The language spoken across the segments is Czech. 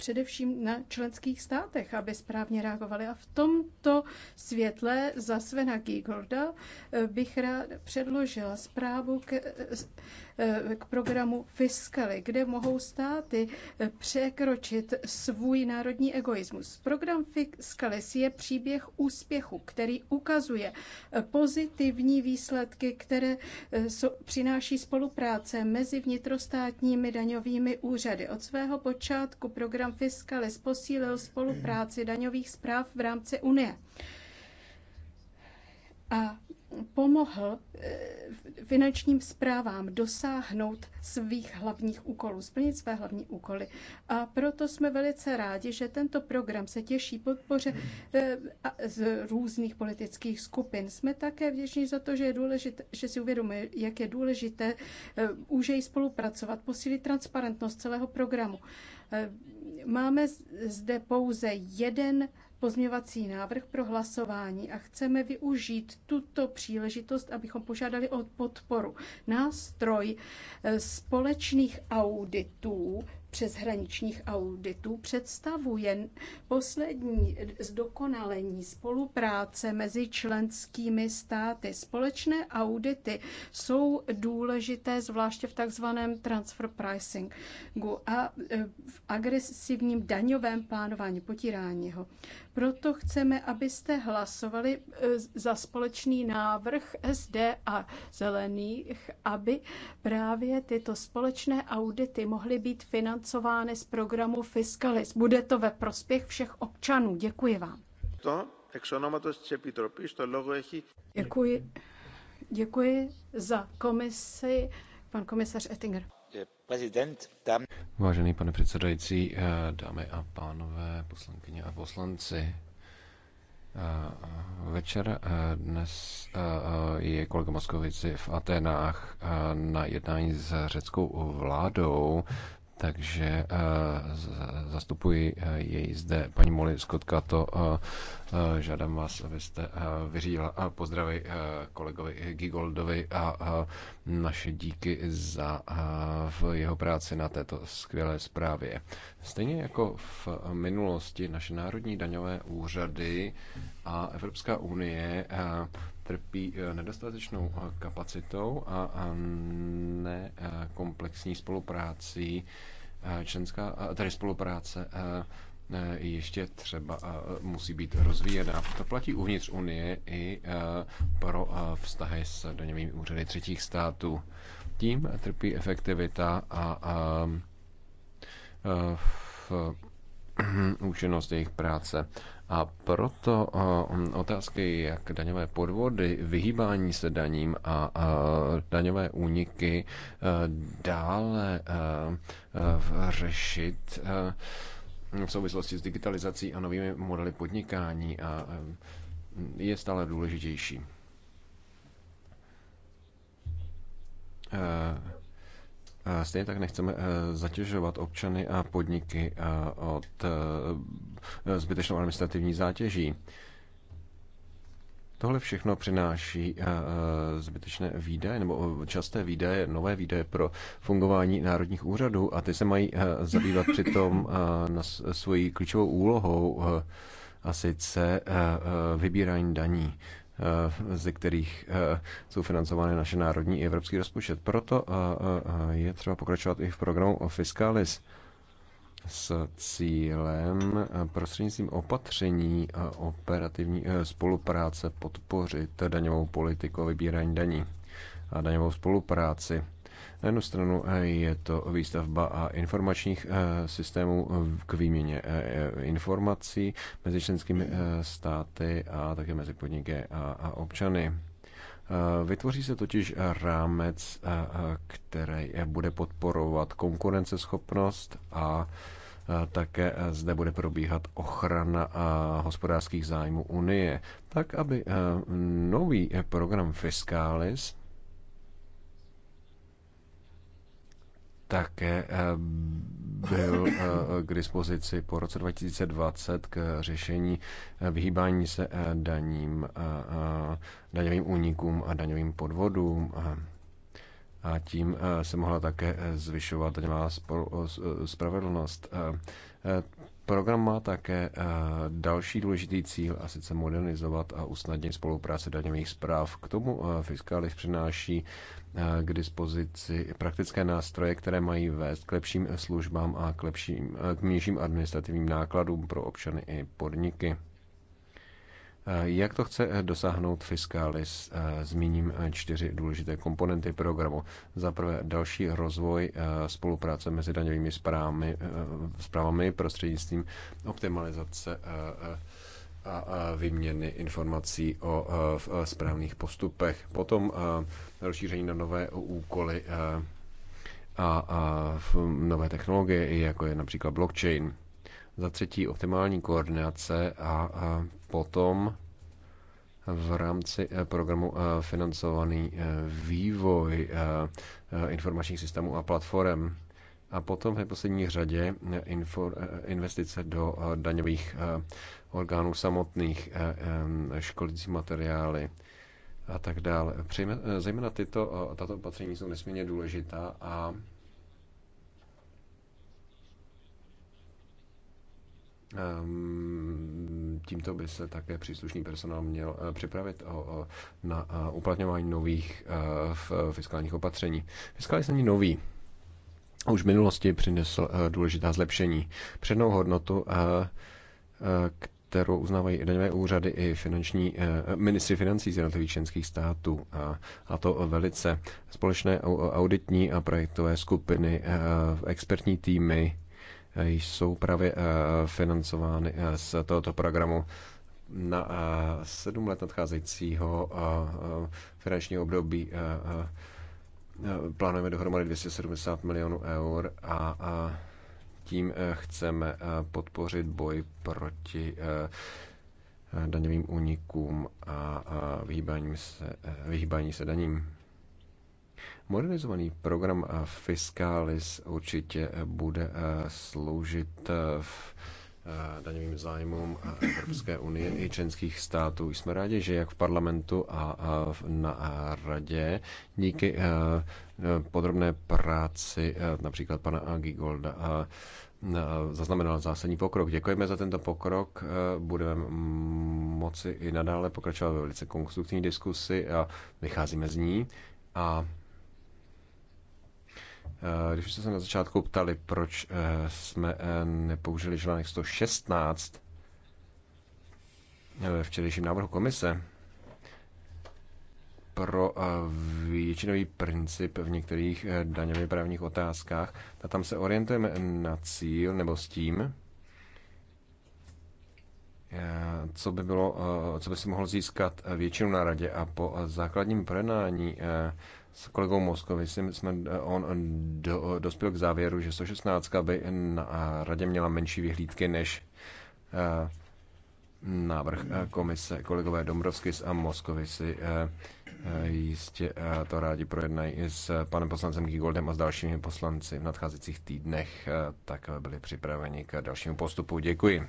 především na členských státech, aby správně reagovali. A v tomto světle za Svena Gigolda eh, bych rád předložila zprávu k, eh, k programu Fiskaly, kde mohou státy eh, překročit svůj národní egoismus. Program Fiskalis je příběh úspěchu, který ukazuje pozitivní výsledky, které přináší spolupráce mezi vnitrostátními daňovými úřady. Od svého počátku program program Fiscalis posílil spolupráci daňových zpráv v rámci Unie. A pomohl eh, finančním zprávám dosáhnout svých hlavních úkolů, splnit své hlavní úkoly. A proto jsme velice rádi, že tento program se těší podpoře eh, z různých politických skupin. Jsme také vděční za to, že, je důležité, že si uvědomuje, jak je důležité eh, jej spolupracovat, posílit transparentnost celého programu. Máme zde pouze jeden pozměvací návrh pro hlasování a chceme využít tuto příležitost, abychom požádali o podporu. Nástroj eh, společných auditů přeshraničních auditů představuje poslední zdokonalení spolupráce mezi členskými státy. Společné audity jsou důležité zvláště v takzvaném transfer pricingu a eh, v agresivním daňovém plánování potírání ho. Proto chceme, abyste hlasovali e, za společný návrh SD a zelených, aby právě tyto společné audity mohly být financovány z programu Fiscalis. Bude to ve prospěch všech občanů. Děkuji vám. To, ex onomatos to logo έχει... Děkuji, děkuji za komisi, pan komisař Ettinger. Prezident, tam... Vážený pane předsedající, eh, dámy a pánové, poslankyně a poslanci, eh, Večer eh, dnes je kolega Moskovici v Atenách na jednání s řeckou vládou takže eh, zastupuji eh, jej zde. Paní Moli Skotka, to eh, žádám vás, abyste vyřídila a pozdravy kolegovi Gigoldovi a naše díky za jeho práci na této skvělé zprávě. Stejně jako v minulosti naše národní daňové úřady a Evropská unie trpí eh, nedostatečnou eh, kapacitou a nekomplexní eh, spoluprácí členská, tedy spolupráce ještě třeba musí být rozvíjena. To platí uvnitř Unie i pro vztahy s daňovými úřady třetích států. Tím trpí efektivita a, a, a v, účinnost jejich práce. A proto um, otázky jak daňové podvody, vyhýbání se daním a daňové úniky e, dále e, e, řešit v souvislosti s digitalizací a novými modely podnikání a je stále důležitější. Stejně tak nechceme eh, zatěžovat občany a podniky eh, od eh, zbytečnou administrativní zátěží. Tohle všechno přináší zbytečné výdaje nebo časté výdaje, nové výdaje pro fungování národních úřadů a ty se mají zabývat přitom na svoji klíčovou úlohou a sice vybírání daní. Eh, ze kterých eh, jsou financovány naše národní i evropský rozpočet. Proto eh, je třeba pokračovat i v programu Fiscalis s cílem prostřednictvím opatření a operativní spolupráce podpořit daňovou politiku a vybírání daní a daňovou spolupráci. Na jednu stranu eh, je to výstavba a informačních eh, systémů eh, k výměně informací mezi členskými státy a také mezi podniky a občany. Vytvoří se totiž rámec, který bude podporovat konkurenceschopnost a také zde bude probíhat ochrana hospodářských zájmů Unie, tak aby nový program Fiscalis také eh, byl eh, k dispozici po roce 2020 k řešení eh, vyhýbání se daním, daňovým únikům a daňovým podvodům. A tím se mohla také zvyšovat daňová spravedlnost. Program má také eh, další důležitý cíl, a sice modernizovat a usnadnit spolupráci daňových zpráv. K tomu eh, Fiskalis přináší eh, k dispozici praktické nástroje, které mají vést k lepším službám a k, lepším, k nižším administrativním nákladům pro občany i podniky. Jak to chce dosáhnout Fiscalis? Eh, zmíním eh, čtyři důležité komponenty programu. Za prvé další rozvoj eh, spolupráce mezi daňovými správami, prostřednictvím optimalizace a výměny informací o správných postupech. Potom rozšíření na nové úkoly a nové technologie, jako je například blockchain za třetí optimální koordinace a potom v rámci eh, programu eh, financovaný eh, vývoj informačních systémů a platform. A potom v neposlední řadě investice do daňových orgánů samotných, školící materiály a tak dále. Přejme, zejména tyto, tato opatření jsou nesmírně důležitá a Ehm, tímto by se také příslušný personál měl eh, připravit na eh, uplatňování nových eh, fiskálních opatření. Fiskální není nový. Už v minulosti přinesl důležitá zlepšení. Přednou hodnotu, kterou uznávají daňové úřady i finanční, ministři financí z jednotlivých členských států. A, a to velice společné auditní a projektové skupiny, expertní týmy, jsou právě eh, financovány eh, z tohoto programu na eh, sedm let nadcházejícího finančního období plánujeme dohromady 270 milionů eur a tím chceme podpořit boj proti daňovým únikům a vyhýbání se, vyhýbání se daním. Modernizovaný program Fiscalis určitě bude eh, sloužit eh, v eh, daňovým zájmům Evropské unie i členských států. Jsme rádi, že jak v parlamentu a na radě díky podrobné práci například pana Agigolda zaznamenal zásadní pokrok. Děkujeme za tento pokrok. Budeme moci i nadále pokračovat ve velice konstruktivní diskusi a vycházíme z ní. A Eh, když jste se na začátku ptali, proč eh, jsme eh, nepoužili článek 116 ve včerejším návrhu komise pro většinový princip v některých daňově právních otázkách, a tam se orientujeme na cíl nebo s tím, co by, bylo, co by si mohl získat většinu na radě a po základním projednání s kolegou Moskovi jsme eh, on eh, do, eh, dospěl k závěru, že 116 by na radě měla menší vyhlídky než návrh komise. Kolegové Dombrovskis a uh, jistě to rádi projednají i s panem poslancem Gigoldem a s dalšími poslanci v nadcházejících týdnech, tak byli připraveni k dalšímu postupu. Děkuji.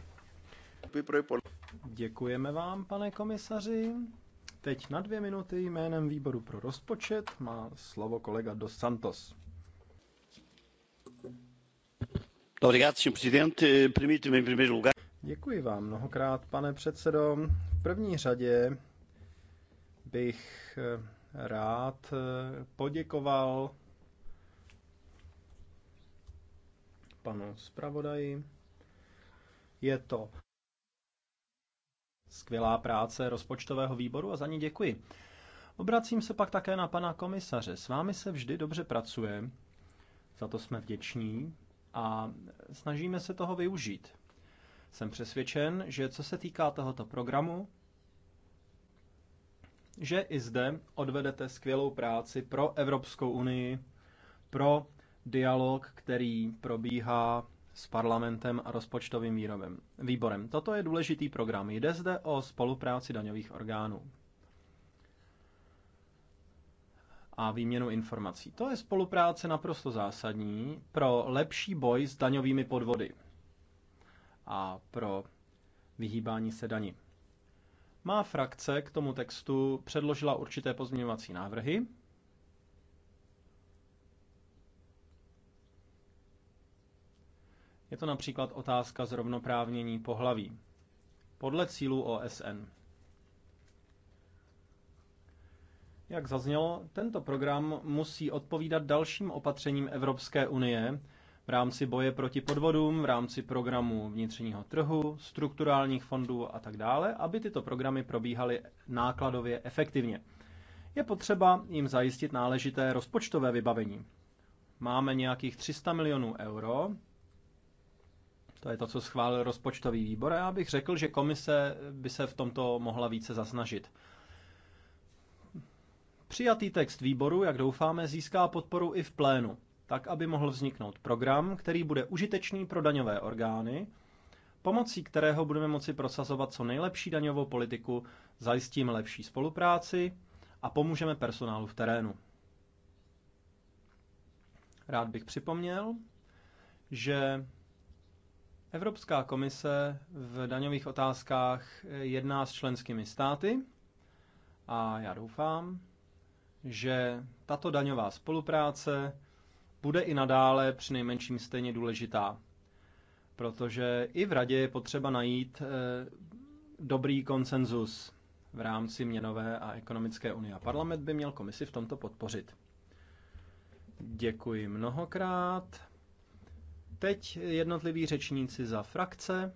Děkujeme vám, pane komisaři. Teď na dvě minuty jménem výboru pro rozpočet má slovo kolega Dos Santos. Děkuji vám mnohokrát, pane předsedo. V první řadě bych eh, rád eh, poděkoval panu zpravodaji. Je to Skvělá práce rozpočtového výboru a za ní děkuji. Obracím se pak také na pana komisaře. S vámi se vždy dobře pracuje, za to jsme vděční a snažíme se toho využít. Jsem přesvědčen, že co se týká tohoto programu, že i zde odvedete skvělou práci pro Evropskou unii, pro dialog, který probíhá s parlamentem a rozpočtovým výrobem, výborem. Toto je důležitý program. Jde zde o spolupráci daňových orgánů a výměnu informací. To je spolupráce naprosto zásadní pro lepší boj s daňovými podvody a pro vyhýbání se daní. Má frakce k tomu textu předložila určité pozměňovací návrhy, Je to například otázka zrovnoprávnění pohlaví. Podle cílů OSN. Jak zaznělo, tento program musí odpovídat dalším opatřením Evropské unie v rámci boje proti podvodům, v rámci programu vnitřního trhu, strukturálních fondů a tak dále, aby tyto programy probíhaly nákladově efektivně. Je potřeba jim zajistit náležité rozpočtové vybavení. Máme nějakých 300 milionů euro to je to, co schválil rozpočtový výbor a já bych řekl, že komise by se v tomto mohla více zasnažit. Přijatý text výboru, jak doufáme, získá podporu i v plénu, tak aby mohl vzniknout program, který bude užitečný pro daňové orgány, pomocí kterého budeme moci prosazovat co nejlepší daňovou politiku, zajistíme lepší spolupráci a pomůžeme personálu v terénu. Rád bych připomněl, že Evropská komise v daňových otázkách eh, jedná s členskými státy a já doufám, že tato daňová spolupráce bude i nadále přinejmenším stejně důležitá, protože i v Radě je potřeba najít eh, dobrý konsenzus v rámci měnové a ekonomické unie. A parlament by měl komisi v tomto podpořit. Děkuji mnohokrát. Teď jednotliví řečníci za frakce.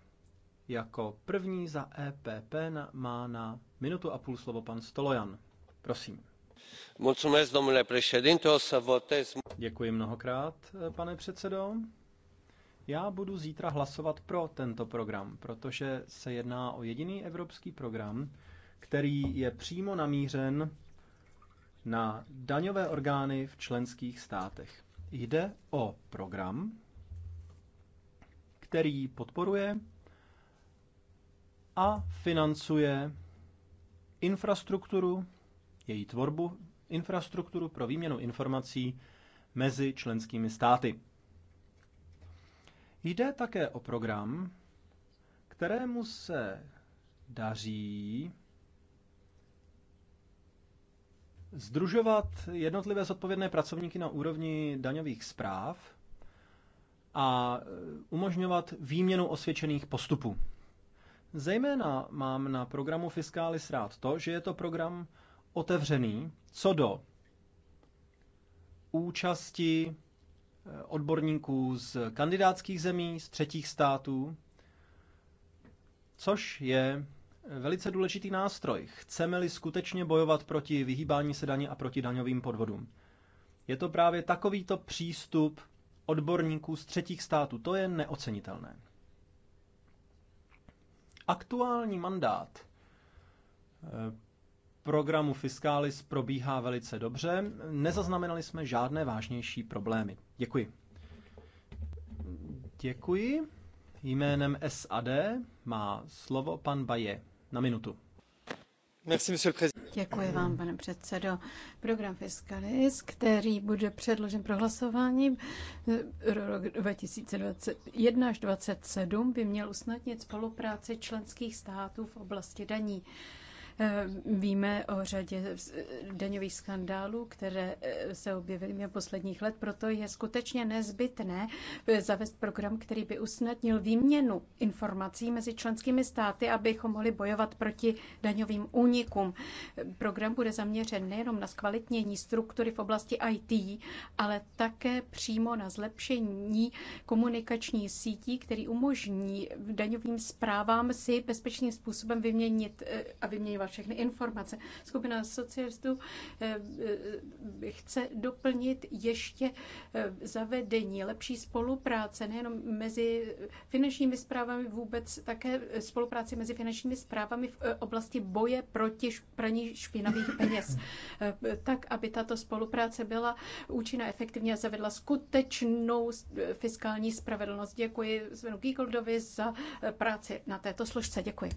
Jako první za EPP na, má na minutu a půl slovo pan Stolojan. Prosím. Děkuji mnohokrát, pane předsedo. Já budu zítra hlasovat pro tento program, protože se jedná o jediný evropský program, který je přímo namířen na daňové orgány v členských státech. Jde o program, který podporuje a financuje infrastrukturu, její tvorbu, infrastrukturu pro výměnu informací mezi členskými státy. Jde také o program, kterému se daří združovat jednotlivé zodpovědné pracovníky na úrovni daňových zpráv a e, umožňovat výměnu osvědčených postupů. Zejména mám na programu Fiskalis rád to, že je to program otevřený co do účasti e, odborníků z kandidátských zemí, z třetích států, což je e, velice důležitý nástroj. Chceme-li skutečně bojovat proti vyhýbání se daně a proti daňovým podvodům. Je to právě takovýto přístup, odborníků z třetích států. To je neocenitelné. Aktuální mandát eh, programu Fiscalis probíhá velice dobře. Nezaznamenali jsme žádné vážnější problémy. Děkuji. Děkuji. Jménem SAD má slovo pan Baje na minutu. Děkuji vám, pane předsedo. Program Fiscalis, který bude předložen pro hlasování eh, rok 2021 až 2027, by měl usnadnit spolupráci členských států v oblasti daní. Eh, víme o řadě daňových skandálů, které eh, se objevily v posledních let, proto je skutečně nezbytné eh, zavést program, který by usnadnil výměnu informací mezi členskými státy, abychom mohli bojovat proti daňovým únikům. Program bude zaměřen nejenom na zkvalitnění struktury v oblasti IT, ale také přímo na zlepšení komunikační sítí, který umožní daňovým zprávám si bezpečným způsobem vyměnit a vyměňovat poskytovat všechny informace. Skupina socialistů eh, eh, chce doplnit ještě eh, zavedení lepší spolupráce nejenom mezi finančními zprávami, vůbec také spolupráci mezi finančními zprávami v oblasti boje proti praní špinavých peněz, tak aby tato spolupráce byla účinná, efektivní a zavedla skutečnou fiskální spravedlnost. Děkuji Svenu Kýkoldovi za práci na této složce. Děkuji.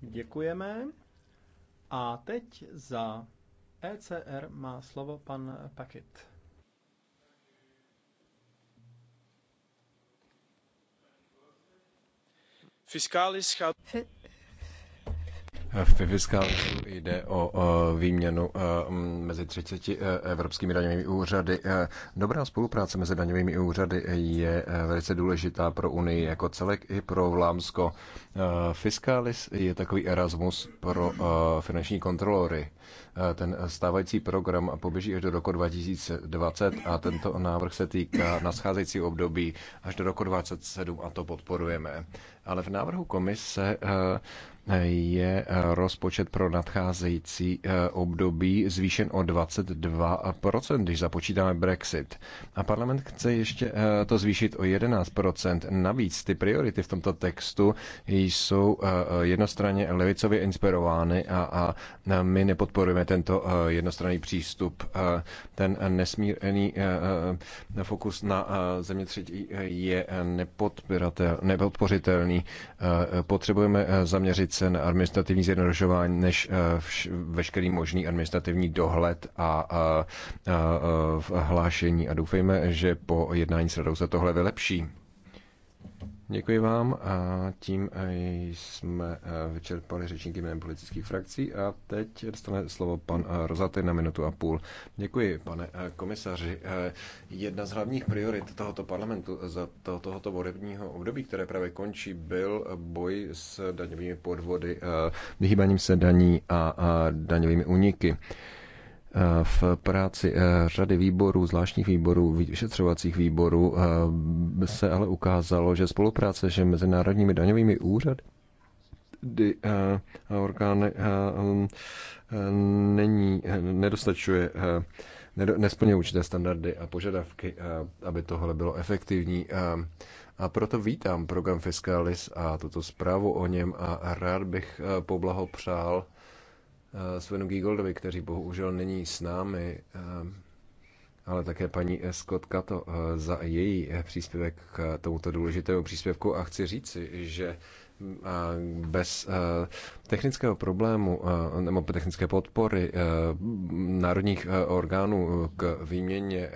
Děkujeme. A teď za ECR má slovo pan Paket. Fiskalis v Fiskálisu jde o výměnu e, mezi 30 e, evropskými daňovými úřady. E, dobrá spolupráce mezi daňovými úřady je velice důležitá pro Unii jako celek i pro Vlámsko. Fiskalis je takový Erasmus pro finanční kontrolory. Ten stávající program poběží až do roku 2020 a tento návrh se týká nascházejícího období až do roku 2027 a to podporujeme. Ale v návrhu komise eh, je eh, rozpočet pro nadcházející eh, období zvýšen o 22%, když započítáme Brexit. A parlament chce ještě to zvýšit o 11%. Navíc ty priority v tomto textu jsou jednostranně levicově inspirovány a, a my nepodporujeme tento jednostranný přístup. Ten nesmírný fokus na země třetí je nepodpořitelný zelený. Eh, potřebujeme eh, zaměřit se na administrativní zjednodušování než eh, veškerý možný administrativní dohled a hlášení. A doufejme, že po jednání s radou se tohle vylepší. Děkuji vám a tím eh, jsme eh, vyčerpali řečníky jménem politických frakcí a teď dostane slovo pan eh, Rozaty na minutu a půl. Děkuji, pane komisaři. Jedna z hlavních priorit tohoto parlamentu za to, tohoto volebního období, které právě končí, byl boj s daňovými podvody, vyhýbaním se daní a daňovými úniky v práci eh, řady výborů, zvláštních výborů, vyšetřovacích výborů eh, se ale ukázalo, že spolupráce že mezinárodními daňovými úřady eh, a orgány mm, není, nedostačuje, nesplňuje určité standardy a požadavky, aby tohle bylo efektivní. A proto vítám program Fiscalis a tuto zprávu o něm a rád bych poblahopřál Svenu Gigoldovi, kteří bohužel není s námi, eh, ale také paní Scott Kato eh, za její eh, příspěvek k tomuto důležitému příspěvku a chci říci, že mm, bez technického problému nebo technické podpory národních orgánů k výměně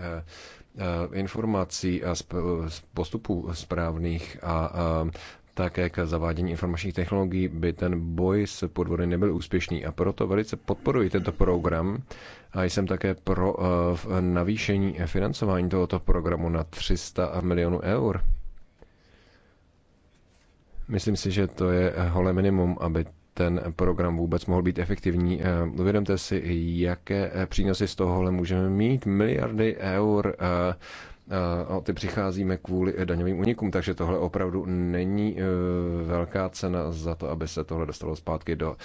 informací a postupů správných a také k zavádění informačních technologií by ten boj s podvody nebyl úspěšný. A proto velice podporuji tento program a jsem také pro eh, navýšení financování tohoto programu na 300 milionů eur. Myslím si, že to je holé minimum, aby ten program vůbec mohl být efektivní. Eh, uvědomte si, jaké přínosy z tohohle můžeme mít. Miliardy eur eh, Eh, a ty přicházíme kvůli eh, daňovým unikům, takže tohle opravdu není eh, velká cena za to, aby se tohle dostalo zpátky do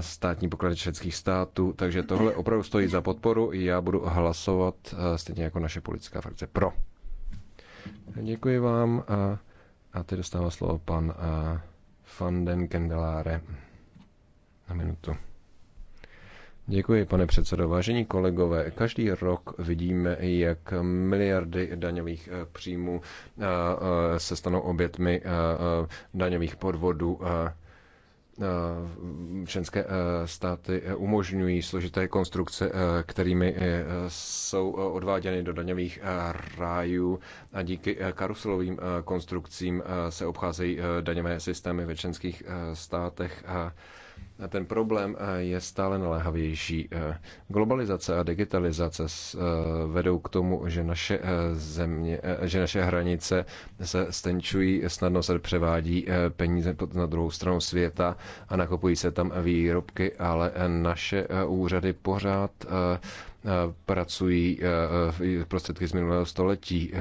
státní poklady českých států, takže tohle opravdu stojí za podporu. Já budu hlasovat stejně jako naše politická frakce pro. Děkuji vám a, a teď dostává slovo pan Fanden Kendeláre na minutu. Děkuji, pane předsedo. Vážení kolegové, každý rok vidíme, jak miliardy daňových eh, příjmů eh, eh, se stanou obětmi daňových podvodů členské státy umožňují složité konstrukce, kterými jsou odváděny do daňových rájů a díky karuselovým konstrukcím se obcházejí daňové systémy ve členských státech ten problém eh, je stále naléhavější. Eh, globalizace a digitalizace eh, vedou k tomu, že naše, země, že naše hranice se stenčují, snadno se převádí peníze na druhou stranu světa a nakupují se tam výrobky, ale naše úřady pořád pracují prostředky z minulého století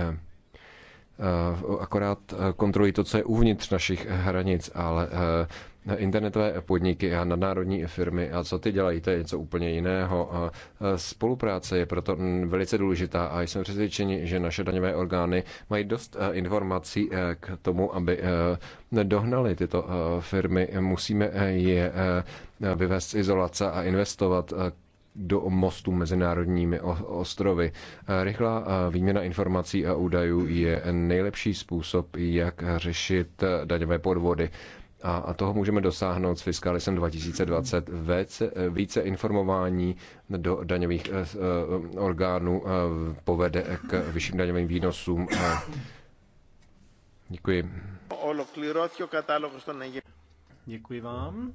akorát kontrolují to, co je uvnitř našich hranic, ale internetové podniky a nadnárodní firmy. A co ty dělají, to je něco úplně jiného. A spolupráce je proto velice důležitá a jsem přesvědčeni, že naše daňové orgány mají dost e, informací e, k tomu, aby e, dohnali tyto firmy. Musíme je vyvést z izolace a investovat do mostu mezinárodními ostrovy. Rychlá výměna informací a údajů je nejlepší způsob, jak řešit daňové podvody. A, a toho můžeme dosáhnout s Fiskalisem 2020 více, eh, více informování do daňových eh, eh, orgánů povede k vyšším daňovým výnosům. Děkuji. Děkuji vám.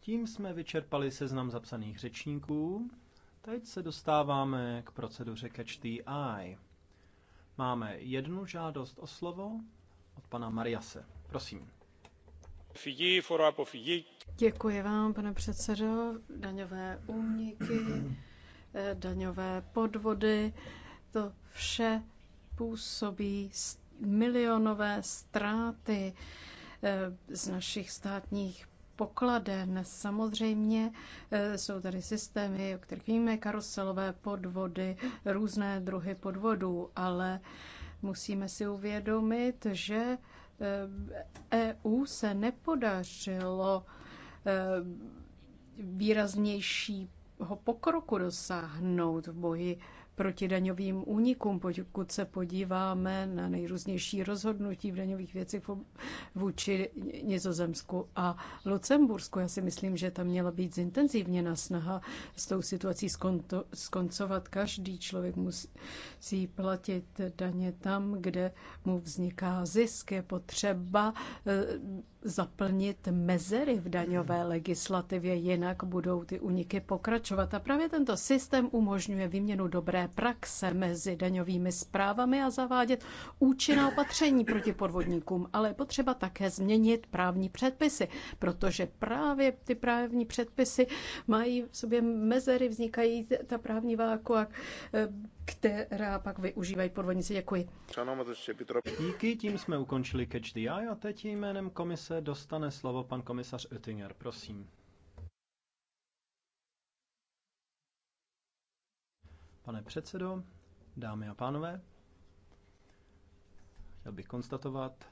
Tím jsme vyčerpali seznam zapsaných řečníků. Teď se dostáváme k proceduře Catch the Eye. Máme jednu žádost o slovo od pana Mariase. Prosím. Děkuji vám, pane předsedo. Daňové úniky, eh, daňové podvody, to vše působí milionové ztráty eh, z našich státních pokladen. Samozřejmě eh, jsou tady systémy, o kterých víme, karuselové podvody, různé druhy podvodů, ale musíme si uvědomit, že EU ehm, e se nepodařilo ehm, výraznějšího pokroku dosáhnout v boji proti daňovým únikům. Pokud se podíváme na nejrůznější rozhodnutí v daňových věcech vůči Nizozemsku a Lucembursku, já si myslím, že tam měla být zintenzivněna snaha s tou situací skonto, skoncovat. Každý člověk musí platit daně tam, kde mu vzniká zisk. Je potřeba eh, zaplnit mezery v daňové hmm. legislativě, jinak budou ty uniky pokračovat. A právě tento systém umožňuje výměnu dobré praxe mezi daňovými zprávami a zavádět účinná opatření proti podvodníkům. Ale je potřeba také změnit právní předpisy, protože právě ty právní předpisy mají v sobě mezery, vznikají ta právní váku a která pak využívají podvodníci. Děkuji. Díky, tím jsme ukončili Catch the Eye a teď jménem komise dostane slovo pan komisař Oettinger, prosím. Pane předsedo, dámy a pánové, chtěl bych konstatovat,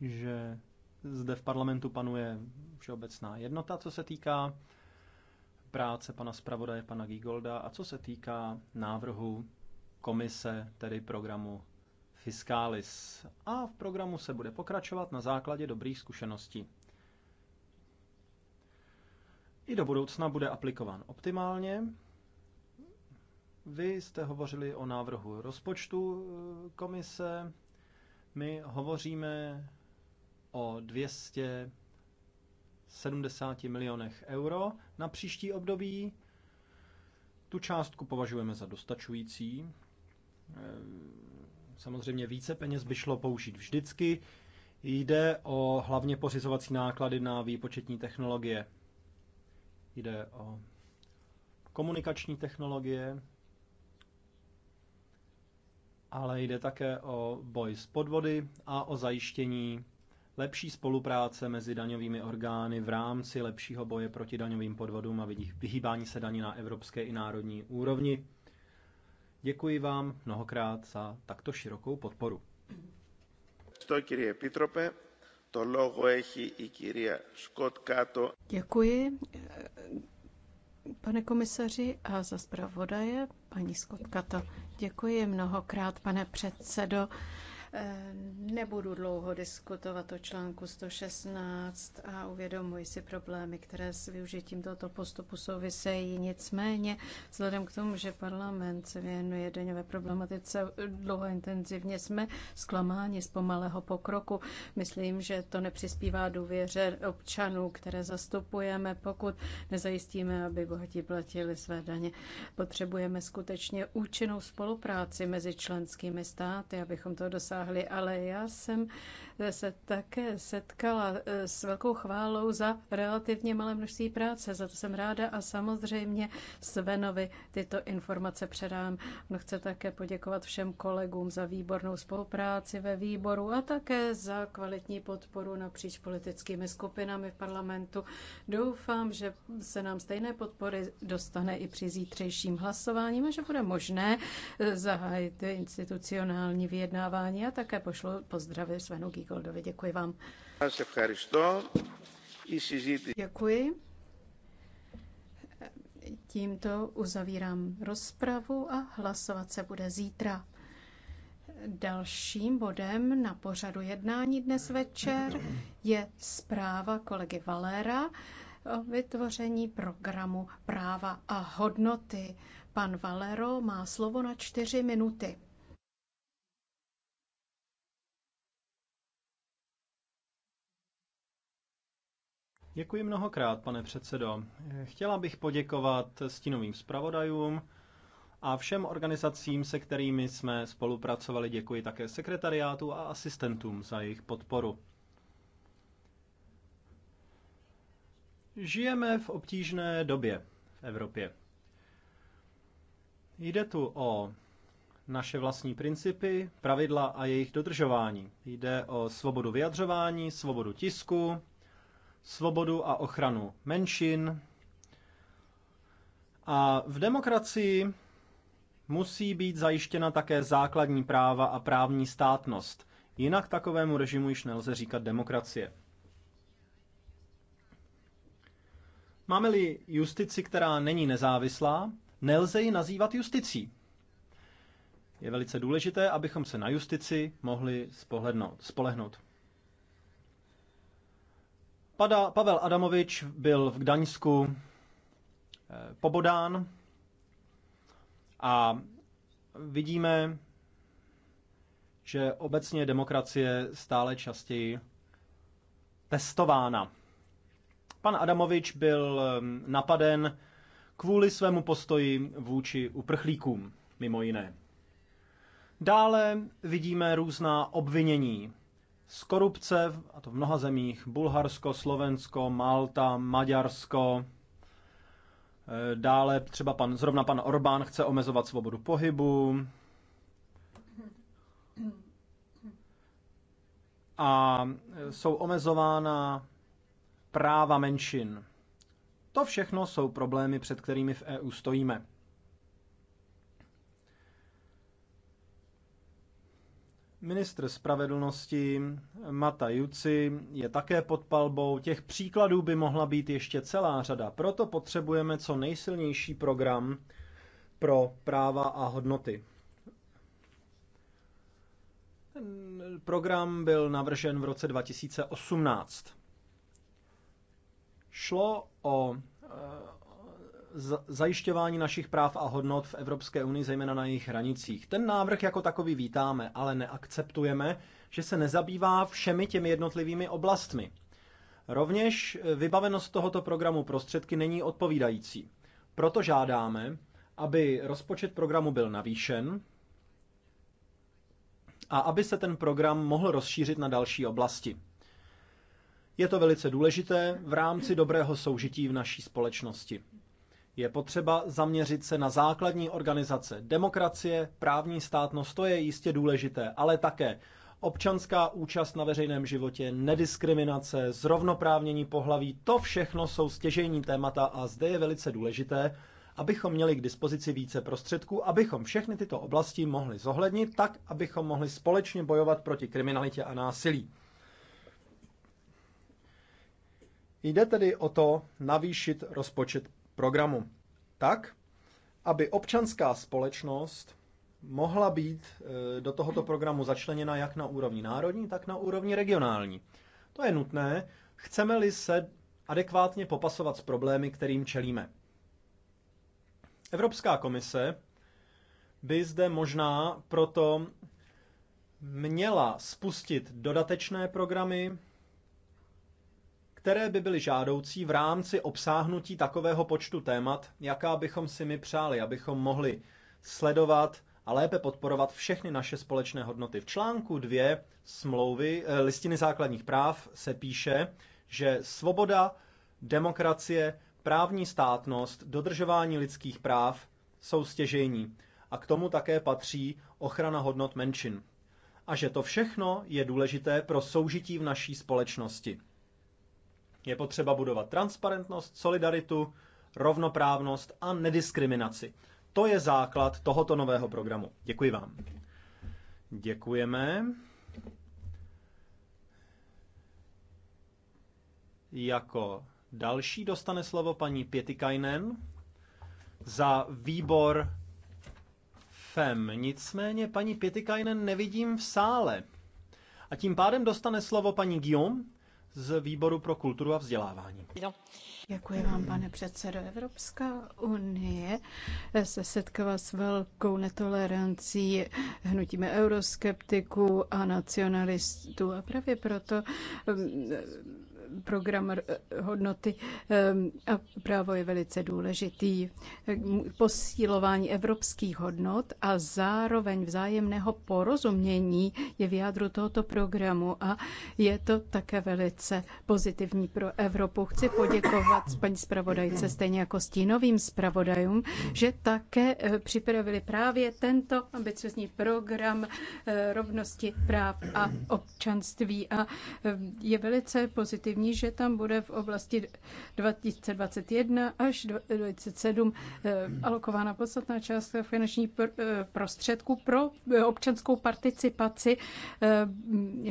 že zde v parlamentu panuje všeobecná jednota, co se týká práce pana zpravodaje, pana Gigolda a co se týká návrhu komise, tedy programu Fiscalis. A v programu se bude pokračovat na základě dobrých zkušeností. I do budoucna bude aplikován optimálně. Vy jste hovořili o návrhu rozpočtu eh, komise. My hovoříme o 270 milionech euro na příští období tu částku považujeme za dostačující. Eh, samozřejmě více peněz by šlo použít vždycky. Jde o hlavně pořizovací náklady na výpočetní technologie. Jde o komunikační technologie, ale jde také o boj s podvody a o zajištění lepší spolupráce mezi daňovými orgány v rámci lepšího boje proti daňovým podvodům a vyhýbání se daní na evropské i národní úrovni. Děkuji vám mnohokrát za takto širokou podporu. Děkuji, pane komisaři, a za zpravodaje paní Skotkato. Děkuji mnohokrát, pane předsedo. Eh, nebudu dlouho diskutovat o článku 116 a uvědomuji si problémy, které s využitím tohoto postupu souvisejí. Nicméně, vzhledem k tomu, že parlament se věnuje daňové problematice dlouho intenzivně, jsme zklamáni z pomalého pokroku. Myslím, že to nepřispívá důvěře občanů, které zastupujeme, pokud nezajistíme, aby bohatí platili své daně. Potřebujeme skutečně účinnou spolupráci mezi členskými státy, abychom to dosáhli dosáhli, ale já jsem se také setkala eh, s velkou chválou za relativně malé množství práce. Za to jsem ráda a samozřejmě Svenovi tyto informace předám. No, chce také poděkovat všem kolegům za výbornou spolupráci ve výboru a také za kvalitní podporu napříč politickými skupinami v parlamentu. Doufám, že se nám stejné podpory dostane i při zítřejším hlasování a že bude možné eh, zahájit institucionální vyjednávání a také pošlu pozdravy Svenu Gík. Goldovi. Děkuji vám. Děkuji. Tímto uzavírám rozpravu a hlasovat se bude zítra. Dalším bodem na pořadu jednání dnes večer je zpráva kolegy Valéra o vytvoření programu práva a hodnoty. Pan Valero má slovo na čtyři minuty. Děkuji mnohokrát, pane předsedo. Chtěla bych poděkovat stínovým zpravodajům a všem organizacím, se kterými jsme spolupracovali. Děkuji také sekretariátu a asistentům za jejich podporu. Žijeme v obtížné době v Evropě. Jde tu o naše vlastní principy, pravidla a jejich dodržování. Jde o svobodu vyjadřování, svobodu tisku, svobodu a ochranu menšin. A v demokracii musí být zajištěna také základní práva a právní státnost. Jinak takovému režimu již nelze říkat demokracie. Máme-li justici, která není nezávislá, nelze ji nazývat justicí. Je velice důležité, abychom se na justici mohli spolehnout. spolehnout. Pada, Pavel Adamovič byl v Gdaňsku eh, pobodán a vidíme, že obecně demokracie stále častěji testována. Pan Adamovič byl ehm, napaden kvůli svému postoji vůči uprchlíkům, mimo jiné. Dále vidíme různá obvinění z korupce, a to v mnoha zemích, Bulharsko, Slovensko, Malta, Maďarsko, e, dále třeba pan, zrovna pan Orbán chce omezovat svobodu pohybu, a e, jsou omezována práva menšin. To všechno jsou problémy, před kterými v EU stojíme. Ministr spravedlnosti Mata Juci je také pod palbou. Těch příkladů by mohla být ještě celá řada. Proto potřebujeme co nejsilnější program pro práva a hodnoty. Ten program byl navržen v roce 2018. Šlo o zajišťování našich práv a hodnot v Evropské unii, zejména na jejich hranicích. Ten návrh jako takový vítáme, ale neakceptujeme, že se nezabývá všemi těmi jednotlivými oblastmi. Rovněž eh, vybavenost tohoto programu prostředky není odpovídající. Proto žádáme, aby rozpočet programu byl navýšen a aby se ten program mohl rozšířit na další oblasti. Je to velice důležité v rámci dobrého soužití v naší společnosti. Je potřeba zaměřit se na základní organizace. Demokracie, právní státnost, to je jistě důležité, ale také občanská účast na veřejném životě, nediskriminace, zrovnoprávnění pohlaví, to všechno jsou stěžejní témata a zde je velice důležité, abychom měli k dispozici více prostředků, abychom všechny tyto oblasti mohli zohlednit tak, abychom mohli společně bojovat proti kriminalitě a násilí. Jde tedy o to navýšit rozpočet programu tak, aby občanská společnost mohla být e, do tohoto programu začleněna jak na úrovni národní, tak na úrovni regionální. To je nutné, chceme-li se adekvátně popasovat s problémy, kterým čelíme. Evropská komise by zde možná proto měla spustit dodatečné programy, které by byly žádoucí v rámci obsáhnutí takového počtu témat, jaká bychom si my přáli, abychom mohli sledovat a lépe podporovat všechny naše společné hodnoty. V článku 2 smlouvy eh, listiny základních práv se píše, že svoboda, demokracie, právní státnost, dodržování lidských práv jsou stěžejní a k tomu také patří ochrana hodnot menšin. A že to všechno je důležité pro soužití v naší společnosti. Je potřeba budovat transparentnost, solidaritu, rovnoprávnost a nediskriminaci. To je základ tohoto nového programu. Děkuji vám. Děkujeme. Jako další dostane slovo paní Pětikajnen za výbor FEM. Nicméně paní Pětikajnen nevidím v sále. A tím pádem dostane slovo paní Guillaume z Výboru pro kulturu a vzdělávání. Děkuji vám, pane předsedo. Evropská unie se setkala s velkou netolerancí hnutíme euroskeptiků a nacionalistů. A právě proto um, program hodnoty a právo je velice důležitý. Posílování evropských hodnot a zároveň vzájemného porozumění je v jádru tohoto programu a je to také velice pozitivní pro Evropu. Chci poděkovat paní zpravodajce, stejně jako stínovým zpravodajům, že také eh, připravili právě tento ambiciozní program eh, rovnosti práv a občanství a eh, je velice pozitivní pozitivní, že tam bude v oblasti 2021 až 2027 eh, alokována podstatná částka finanční eh, prostředku pro eh, občanskou participaci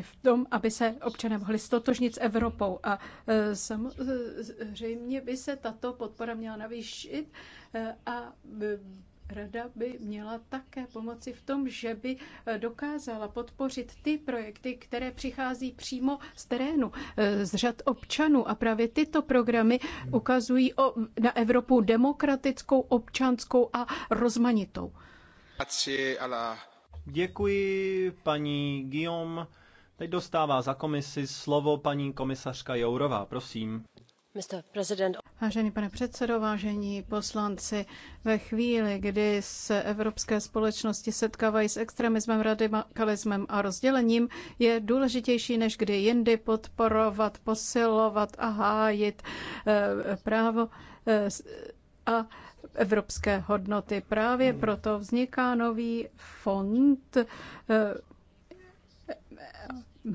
v tom, aby se občané mohli stotožnit s Evropou. A samozřejmě by se tato podpora měla navýšit a Rada by měla také pomoci v tom, že by eh, dokázala podpořit ty projekty, které přichází přímo z terénu, eh, z řad občanů. A právě tyto programy ukazují na Evropu demokratickou, občanskou a rozmanitou. Děkuji paní Guillaume. Teď dostává za komisi slovo paní komisařka Jourová. Prosím. Vážený pane předsedo, vážení poslanci, ve chvíli, kdy se evropské společnosti setkávají s extremismem, radikalismem a rozdělením, je důležitější než kdy jindy podporovat, posilovat a hájit eh, právo eh, a evropské hodnoty. Právě proto vzniká nový fond eh,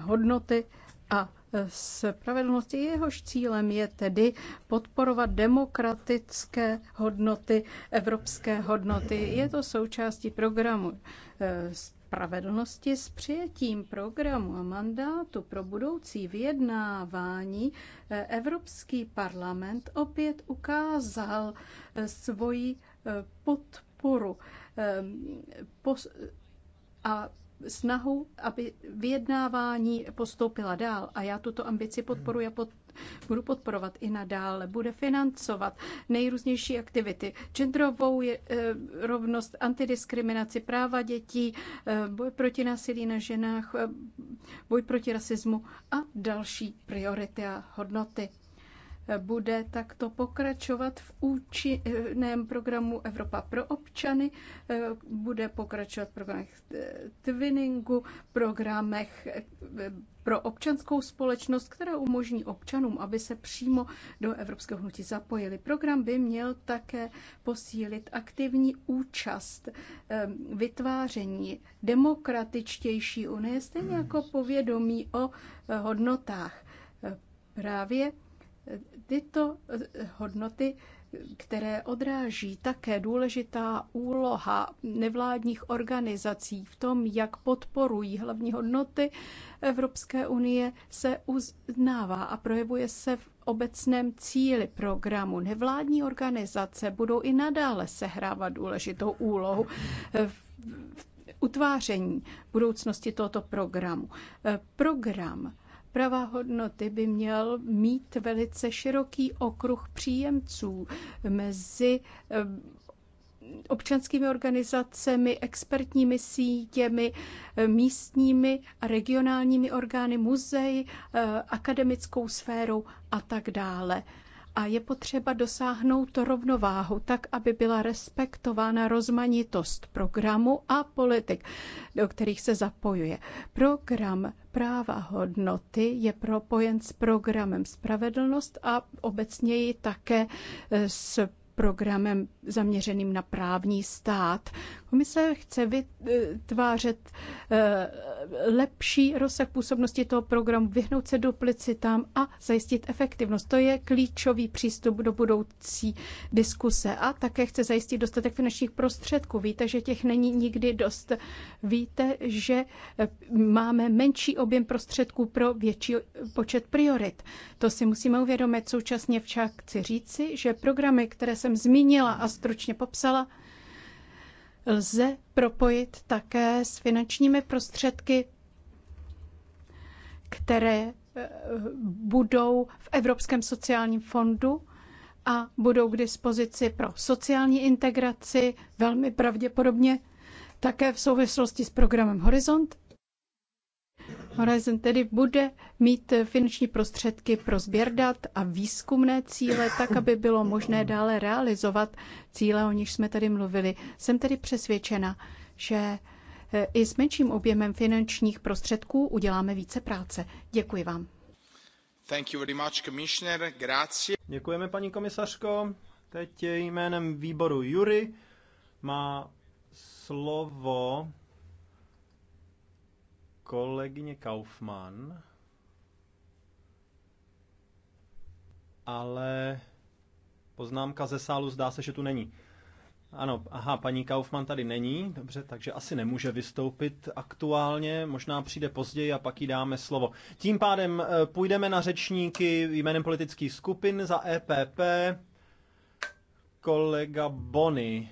hodnoty a spravedlnosti. Jehož cílem je tedy podporovat demokratické hodnoty, evropské hodnoty. Je to součástí programu eh, spravedlnosti s přijetím programu a mandátu pro budoucí vyjednávání eh, Evropský parlament opět ukázal eh, svoji podporu a snahu, aby vyjednávání postoupila dál. A já tuto ambici podporuji a pod, budu podporovat i nadále. Bude financovat nejrůznější aktivity, Čendrovou je, eh, rovnost, antidiskriminaci, práva dětí, eh, boj proti násilí na ženách, eh, boj proti rasismu a další priority a hodnoty bude takto pokračovat v účinném programu Evropa pro občany, eh, bude pokračovat v programech eh, Twinningu, programech eh, pro občanskou společnost, která umožní občanům, aby se přímo do evropského hnutí zapojili. Program by měl také posílit aktivní účast vytváření demokratičtější unie, stejně jako povědomí o hodnotách. Právě Tyto eh, hodnoty, které odráží také důležitá úloha nevládních organizací v tom, jak podporují hlavní hodnoty Evropské unie, se uznává a projevuje se v obecném cíli programu. Nevládní organizace budou i nadále sehrávat důležitou úlohu v utváření budoucnosti tohoto programu. Eh, program Pravá hodnoty by měl mít velice široký okruh příjemců mezi eh, občanskými organizacemi, expertními sítěmi, eh, místními a regionálními orgány, muzeji, eh, akademickou sférou a tak dále a je potřeba dosáhnout rovnováhu tak, aby byla respektována rozmanitost programu a politik, do kterých se zapojuje. Program práva hodnoty je propojen s programem spravedlnost a obecněji také s programem zaměřeným na právní stát. Komise chce vytvářet eh, lepší rozsah působnosti toho programu, vyhnout se duplicitám a zajistit efektivnost. To je klíčový přístup do budoucí diskuse a také chce zajistit dostatek finančních prostředků. Víte, že těch není nikdy dost. Víte, že eh, máme menší objem prostředků pro větší počet priorit. To si musíme uvědomit. Současně však chci říci, že programy, které jsem jsem zmínila a stručně popsala, lze propojit také s finančními prostředky, které eh, budou v Evropském sociálním fondu a budou k dispozici pro sociální integraci, velmi pravděpodobně také v souvislosti s programem Horizont Horizon tedy bude mít finanční prostředky pro sběr dat a výzkumné cíle, tak aby bylo možné dále realizovat cíle, o nich jsme tady mluvili. Jsem tedy přesvědčena, že eh, i s menším objemem finančních prostředků uděláme více práce. Děkuji vám. Thank you very much, Commissioner. Grazie. Děkujeme, paní komisařko. Teď jménem výboru Jury má slovo kolegyně Kaufmann, ale poznámka ze sálu zdá se, že tu není. Ano, aha, paní Kaufmann tady není, dobře, takže asi nemůže vystoupit aktuálně, možná přijde později a pak jí dáme slovo. Tím pádem eh, půjdeme na řečníky jménem politických skupin za EPP. Kolega Bony.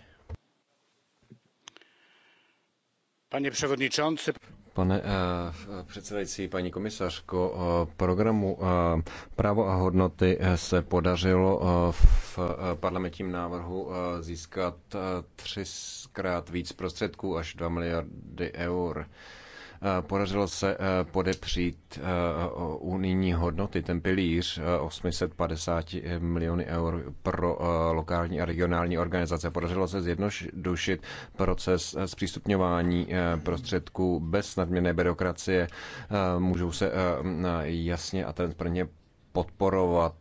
Panie przewodniczący, Pane eh, eh, předsedající, paní komisařko, eh, programu Právo a hodnoty se podařilo v parlamentním návrhu získat třikrát víc prostředků, až 2 miliardy eur. Eh, podařilo se eh, podepřít eh, unijní hodnoty, ten pilíř 850 miliony eur pro lokální a regionální organizace. Podařilo se zjednodušit proces zpřístupňování prostředků bez nadměrné byrokracie. Můžou se jasně a transparentně podporovat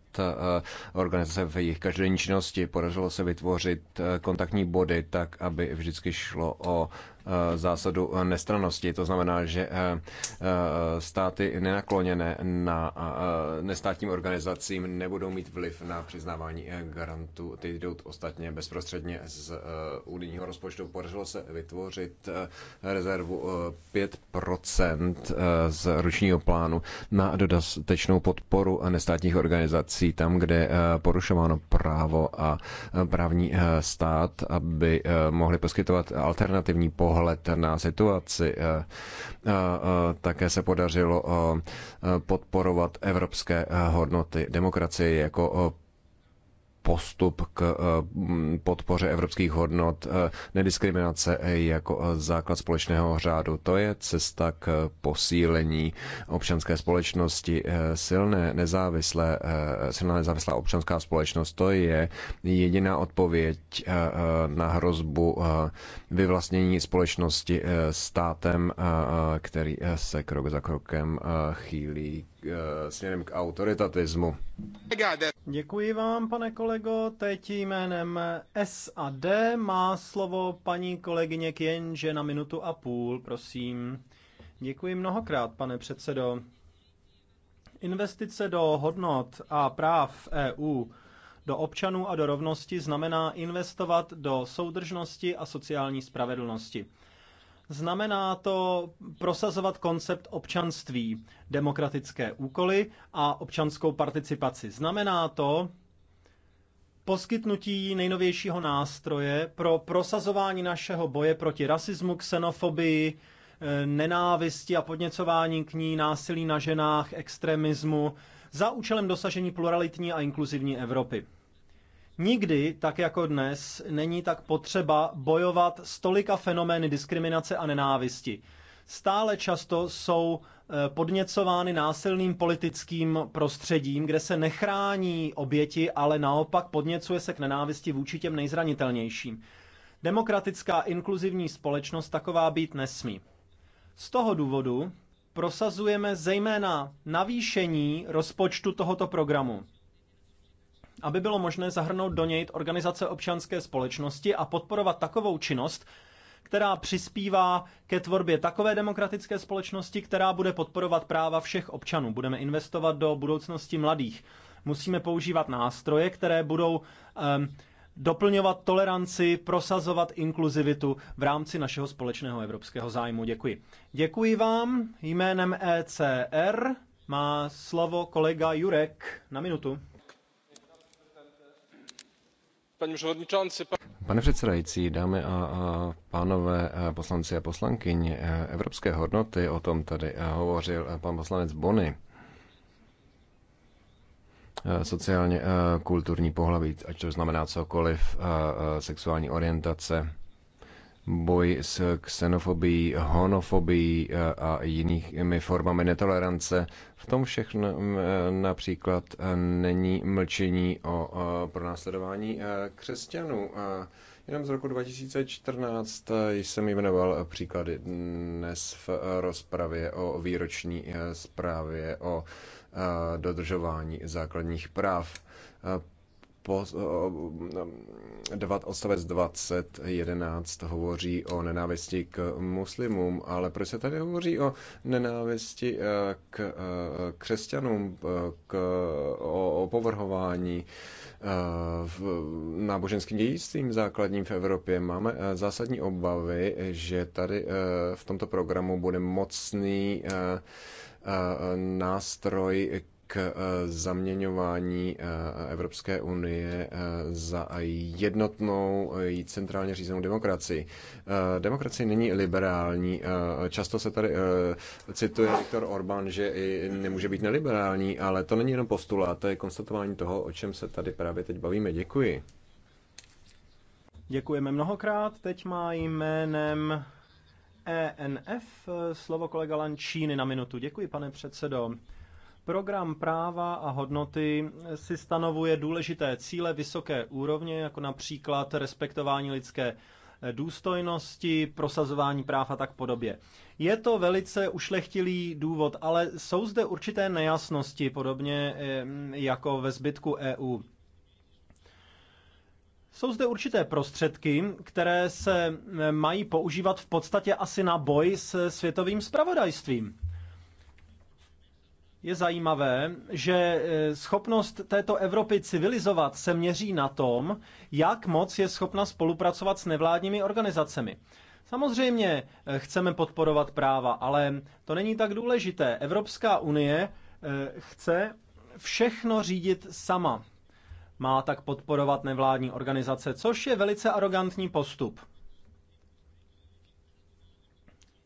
organizace v jejich každodenní činnosti. Podařilo se vytvořit kontaktní body tak, aby vždycky šlo o Eh, zásadu nestranosti. To znamená, že eh, eh, státy nenakloněné na nestátním organizacím nebudou mít vliv na přiznávání garantů. Ty jdou ostatně bezprostředně z unijního rozpočtu. Podařilo se vytvořit rezervu 5% z ročního plánu na dodatečnou podporu nestátních organizací tam, kde porušováno právo a právní stát, aby mohli poskytovat alternativní pohled pohled na situaci. Eh, eh, eh, také se podařilo podporovat evropské hodnoty demokracie jako postup k eh, podpoře evropských hodnot, eh, nediskriminace eh, jako základ společného řádu. To je cesta k posílení občanské společnosti. Silné nezávislé, silná nezávislá občanská společnost, to je jediná odpověď na hrozbu vyvlastnění společnosti státem, který se krok za krokem chýlí směrem k autoritatismu. Děkuji vám, pane kolego. Teď jménem S a D má slovo paní kolegyně Kjenže na minutu a půl, prosím. Děkuji mnohokrát, pane předsedo. Investice do hodnot a práv EU, do občanů a do rovnosti znamená investovat do soudržnosti a sociální spravedlnosti. Znamená to prosazovat koncept občanství, demokratické úkoly a občanskou participaci. Znamená to poskytnutí nejnovějšího nástroje pro prosazování našeho boje proti rasismu, xenofobii, e, nenávisti a podněcování k ní, násilí na ženách, extremismu, za účelem dosažení pluralitní a inkluzivní Evropy. Nikdy, tak jako dnes, není tak potřeba bojovat s tolika fenomény diskriminace a nenávisti. Stále často jsou e, podněcovány násilným politickým prostředím, kde se nechrání oběti, ale naopak podněcuje se k nenávisti vůči těm nejzranitelnějším. Demokratická inkluzivní společnost taková být nesmí. Z toho důvodu prosazujeme zejména navýšení rozpočtu tohoto programu aby bylo možné zahrnout do něj organizace občanské společnosti a podporovat takovou činnost, která přispívá ke tvorbě takové demokratické společnosti, která bude podporovat práva všech občanů. Budeme investovat do budoucnosti mladých. Musíme používat nástroje, které budou um, doplňovat toleranci, prosazovat inkluzivitu v rámci našeho společného evropského zájmu. Děkuji. Děkuji vám. Jménem ECR má slovo kolega Jurek na minutu. Pane předsedající, dámy a pánové e, poslanci a poslankyně, e, evropské hodnoty, o tom tady e, hovořil pan poslanec Bony, sociálně kulturní pohlaví, ať to znamená cokoliv, sexuální orientace, boj s xenofobií, honofobií eh, a jinými formami netolerance. V tom všechno mm, eh, například eh, není mlčení o pronásledování křesťanů. Jenom z roku 2014 jsem jmenoval příklady dnes v rozpravě o výroční zprávě o dodržování základních práv odstavec 20, 11 hovoří o nenávisti k muslimům, ale proč se tady hovoří o nenávisti e, k e, křesťanům, e, k, o, o povrhování v náboženským dějistvím základním v Evropě? Máme zásadní obavy, že tady v tomto programu bude mocný nástroj k eh, zaměňování eh, Evropské unie eh, za jednotnou centrálně řízenou demokracii. Demokracie není liberální. Často se tady cituje Viktor Orbán, že i nemůže být neliberální, ale to není jenom postulát, to je konstatování toho, o čem se tady právě teď bavíme. Děkuji. Děkujeme mnohokrát. Teď má jménem ENF slovo kolega Lančíny na minutu. Děkuji, pane předsedo. Program práva a hodnoty si stanovuje důležité cíle vysoké úrovně, jako například respektování lidské eh, důstojnosti, prosazování práv a tak podobně. Je to velice ušlechtilý důvod, ale jsou zde určité nejasnosti, podobně eh, jako ve zbytku EU. Jsou zde určité prostředky, které se eh, mají používat v podstatě asi na boj s světovým spravodajstvím. Je zajímavé, že eh, schopnost této Evropy civilizovat se měří na tom, jak moc je schopna spolupracovat s nevládními organizacemi. Samozřejmě eh, chceme podporovat práva, ale to není tak důležité. Evropská unie eh, chce všechno řídit sama. Má tak podporovat nevládní organizace, což je velice arrogantní postup.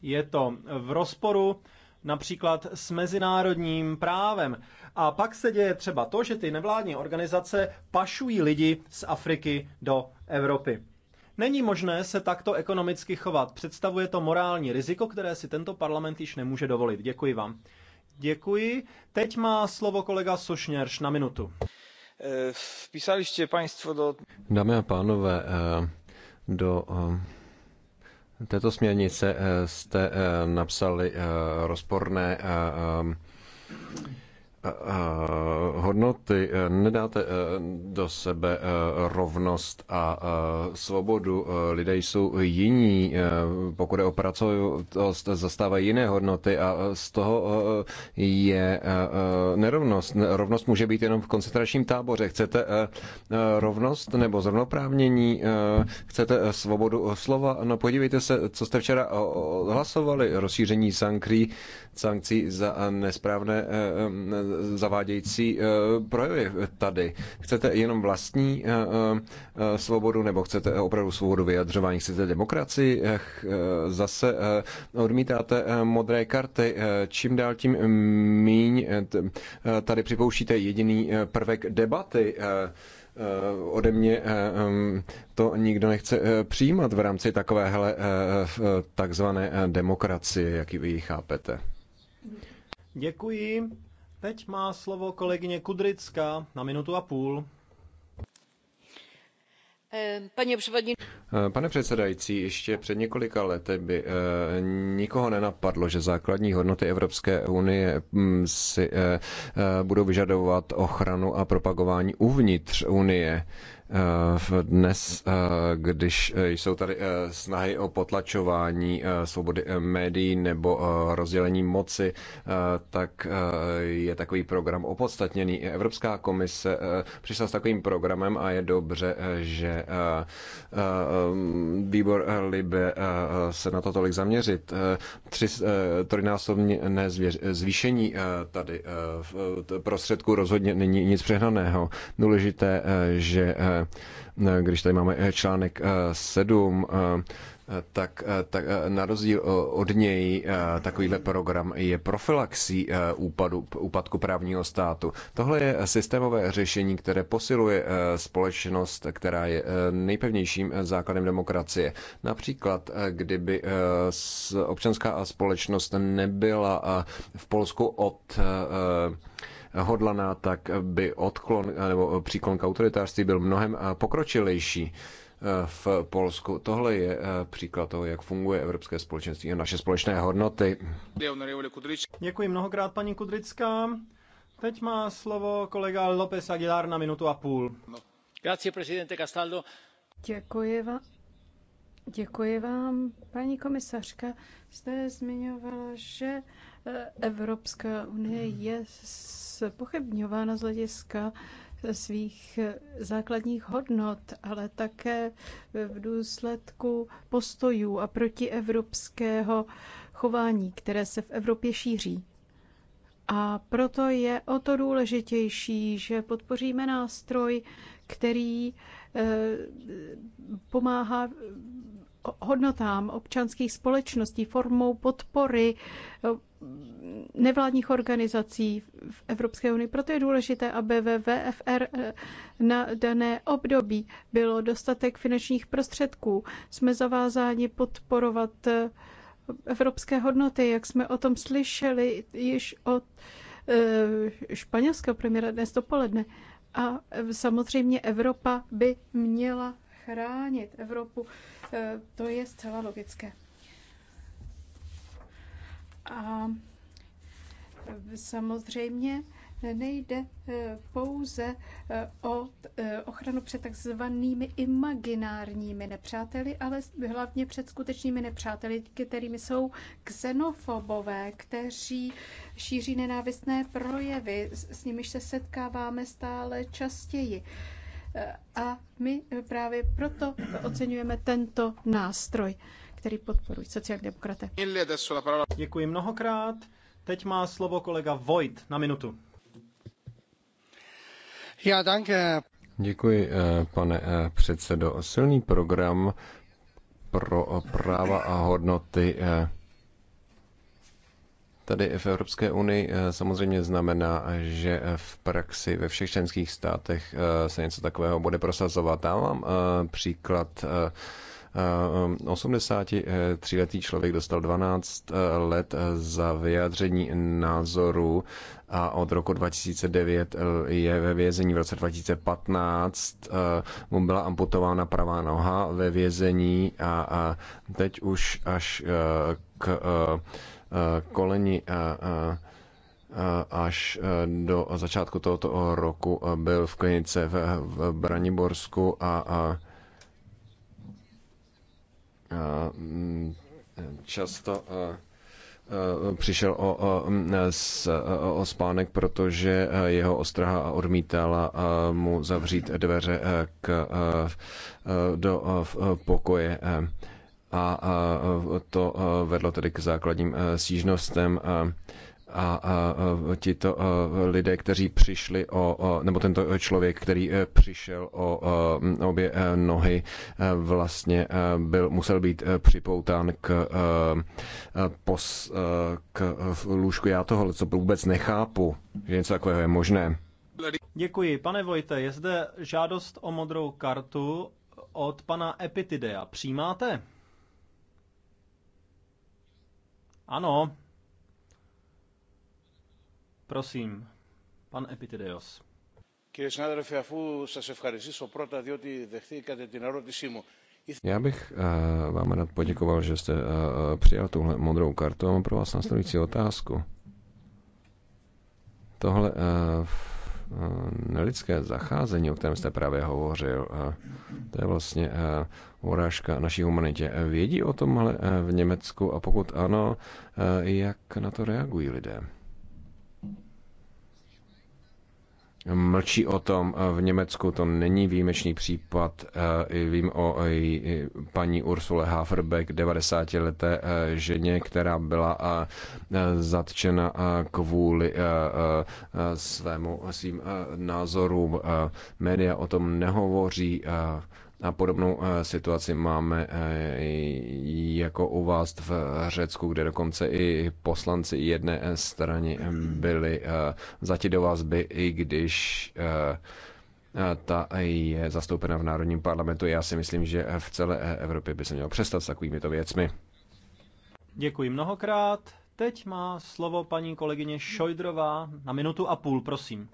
Je to v rozporu například s mezinárodním právem. A pak se děje třeba to, že ty nevládní organizace pašují lidi z Afriky do Evropy. Není možné se takto ekonomicky chovat. Představuje to morální riziko, které si tento parlament již nemůže dovolit. Děkuji vám. Děkuji. Teď má slovo kolega Sošněrš na minutu. Eh, Vpísali jste państwo do... Dámy a pánové, eh, do eh, této směrnice eh, jste eh, napsali eh, rozporné hodnoty, e, nedáte e, do sebe e, rovnost a svobodu. Lidé jsou jiní, pokud je o pracovitost, zastávají jiné hodnoty a z toho je nerovnost. Rovnost může být jenom v koncentračním táboře. Chcete rovnost nebo zrovnoprávnění? Chcete svobodu slova? No podívejte se, co jste včera hlasovali, rozšíření sankcí, sankcí za nesprávné zavádějící eh, projevy tady. Chcete jenom vlastní eh, eh, svobodu nebo chcete opravdu svobodu vyjadřování? Chcete demokracii? Zase odmítáte modré karty. Čím dál tím míň tady připouštíte jediný prvek debaty ode mě to nikdo nechce přijímat v rámci takovéhle takzvané demokracie, jak vy chápete. Děkuji. Teď má slovo kolegyně Kudrická na minutu a půl. Pane předsedající, ještě před několika lety by eh, nikoho nenapadlo, že základní hodnoty Evropské unie mm, si eh, eh, budou vyžadovat ochranu a propagování uvnitř unie. Eh, v Dnes, eh, když eh, jsou tady snahy o potlačování svobody médií nebo rozdělení moci, tak je takový program opodstatněný. Evropská komise přišla s takovým programem a je dobře, že výbor Libe se na to tolik zaměřit. Tři, trojnásobné zvýšení tady prostředků rozhodně není nic přehnaného. Důležité, že když tady máme eh, článek 7, eh, eh, tak, tak na rozdíl od něj takovýhle program je profilaxí úpadu, úpadku právního státu. Tohle je systémové řešení, které posiluje společnost, která je nejpevnějším základem demokracie. Například, kdyby občanská společnost nebyla v Polsku od hodlaná, tak by odklon nebo příklon k autoritářství byl mnohem pokročilejší eh, v Polsku. Tohle je eh, příklad toho, jak funguje Evropské společenství a naše společné hodnoty. Děkuji mnohokrát, paní Kudrická. Teď má slovo kolega López Aguilar na minutu a půl. Děkuji, prezidente Castaldo. Děkuji vám. Děkuji vám. Paní komisařka, jste zmiňovala, že eh, Evropská unie je pochybňována z hlediska svých eh, základních hodnot, ale také eh, v důsledku postojů a protievropského chování, které se v Evropě šíří. A proto je o to důležitější, že podpoříme nástroj, který eh, pomáhá hodnotám občanských společností formou podpory eh, nevládních organizací v Evropské unii. Proto je důležité, aby ve VFR eh, na dané období bylo dostatek finančních prostředků. Jsme zavázáni podporovat evropské hodnoty, jak jsme o tom slyšeli již od eh, španělského premiéra dnes dopoledne. A samozřejmě Evropa by měla chránit Evropu. Eh, to je zcela logické. A samozřejmě nejde eh, pouze eh, o eh, ochranu před takzvanými imaginárními nepřáteli, ale hlavně před skutečnými nepřáteli, kterými jsou xenofobové, kteří šíří nenávistné projevy, s nimiž se setkáváme stále častěji. A my právě proto oceňujeme tento nástroj, který podporují sociální demokraté. Děkuji mnohokrát. Teď má slovo kolega Vojt na minutu. Já danke. Děkuji, eh, pane eh, předsedo. Silný program pro práva a hodnoty eh, tady v Evropské unii samozřejmě znamená, že v praxi ve všech členských státech se něco takového bude prosazovat. Já mám příklad 83-letý eh, člověk dostal 12 eh, let eh, za vyjádření názoru a od roku 2009 je ve vězení. V roce 2015 mu byla amputována pravá noha ve vězení a teď už až k koleni až do začátku tohoto roku byl v klinice v Braniborsku a Mm, často přišel o, o, s, o spánek, protože jeho ostraha odmítala mu zavřít dveře k, do pokoje. A to vedlo tedy k základním stížnostem a, a, a tito lidé, kteří přišli o, o, nebo tento člověk, který e, přišel o, obě e, nohy, e, vlastně byl, musel být připoután k, pos, k lůžku. Já tohle co vůbec nechápu, že něco takového je možné. Děkuji. Pane Vojte, je zde žádost o modrou kartu od pana Epitidea. Přijímáte? Ano. Prosím, pan Epitideos. Já bych eh, vám rád poděkoval, že jste eh, eh, přijal tuhle modrou kartu a mám pro vás následující otázku. Tohle nelidské zacházení, o kterém jste právě hovořil, to je vlastně urážka naší humanitě. Vědí o tomhle v Německu a pokud ano, jak na to reagují lidé? mlčí o tom. Eh, v Německu to není výjimečný případ. Eh, vím o paní Ursule Haferbeck, 90-leté eh, ženě, která byla zatčena kvůli svému, svým názorům. Média o tom nehovoří. A podobnou eh, situaci máme eh, jako u vás v Řecku, kde dokonce i poslanci jedné eh, strany byli zati do vás by, i když ta je zastoupena v Národním parlamentu. Já si myslím, že v celé Evropě by se mělo přestat s takovými to věcmi. Děkuji mnohokrát. Teď má slovo paní kolegyně Šojdrová na minutu a půl, prosím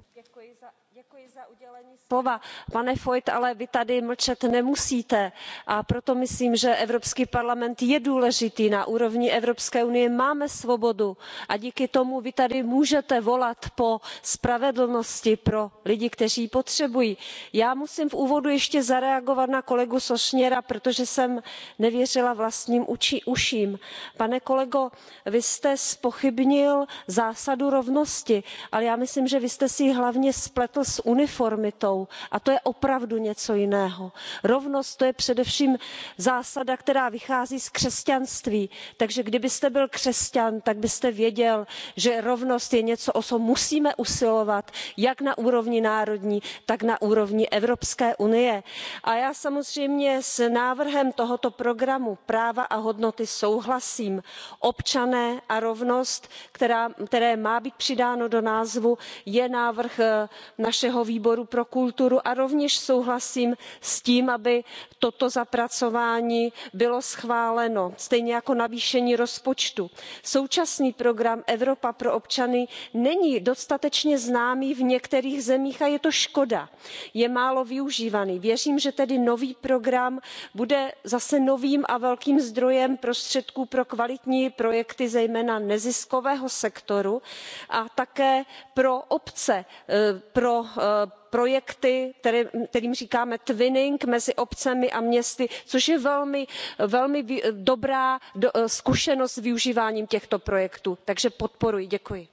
pane Foyt, ale vy tady mlčet nemusíte a proto myslím že evropský parlament je důležitý na úrovni evropské unie máme svobodu a díky tomu vy tady můžete volat po spravedlnosti pro lidi kteří ji potřebují. já musím v úvodu ještě zareagovat na kolegu sonierze protože jsem nevěřila vlastním uším. pane kolego vy jste zpochybnil zásadu rovnosti ale já myslím že vy jste si ji hlavně spletl s uniformou uniformitou a to je opravdu něco jiného. rovnost to je především zásada která vychází z křesťanství takže kdybyste byl křesťan tak byste věděl že rovnost je něco o co musíme usilovat jak na úrovni národní tak na úrovni evropské unie. a já samozřejmě s návrhem tohoto programu práva a hodnoty souhlasím. občané a rovnost které má být přidáno do názvu je návrh eh, našeho výboru pro kulturu a rovněž souhlasím s tím aby toto zapracování bylo schváleno stejně jako navýšení rozpočtu. současný program evropa pro občany není dostatečně známý v některých zemích a je to škoda je málo využívaný. věřím že tedy nový program bude zase novým a velkým zdrojem prostředků pro kvalitní projekty zejména neziskového sektoru a také pro obce eh, pro eh, projekty kterým říkáme twinning mezi obcemi a městy což je velmi dobrá zkušenost s využíváním těchto projektů takže podporuji. děkuji.